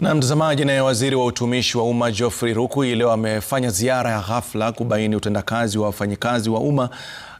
Na mtazamaji, naye waziri wa utumishi wa umma Geoffrey Ruku leo amefanya ziara ya ghafla kubaini utendakazi wa wafanyikazi wa umma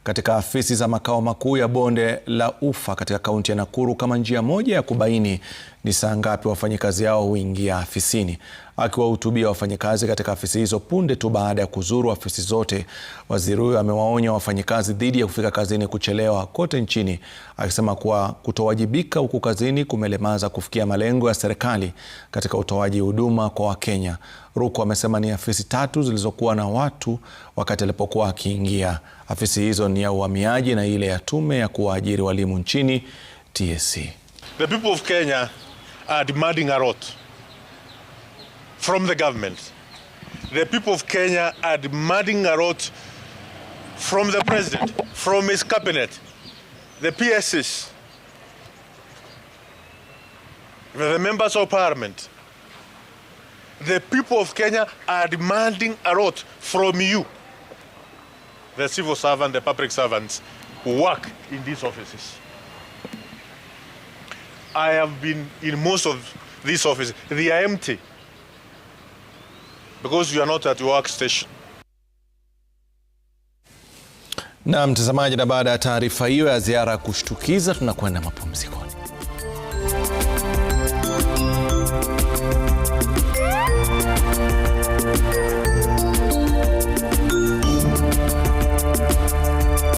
katika afisi za makao makuu ya Bonde la Ufa katika kaunti ya Nakuru kama njia moja ya kubaini ni saa ngapi wafanyikazi hao huingia afisini. Akiwahutubia wafanyakazi katika afisi hizo punde tu baada ya kuzuru afisi zote, waziri huyo amewaonya wafanyikazi dhidi ya kufika kazini kuchelewa kote nchini, akisema kuwa kutowajibika huku kazini kumelemaza kufikia malengo ya serikali katika utoaji huduma kwa Wakenya. Ruku amesema ni afisi tatu zilizokuwa na watu wakati alipokuwa akiingia. Afisi hizo ni ya uhamiaji na ile ya tume ya kuwaajiri walimu nchini TSC. The people of Kenya are demanding a lot. from the government. The people of Kenya are demanding a lot from the president, from his cabinet, the PSs, the members of parliament. The people of Kenya are demanding a lot from you, the civil servant, the public servants who work in these offices. I have been in most of these offices. They are empty. because you are not at your workstation. Na mtazamaji, na baada ya taarifa hiyo ya ziara ya kushtukiza, tunakwenda mapumzikoni.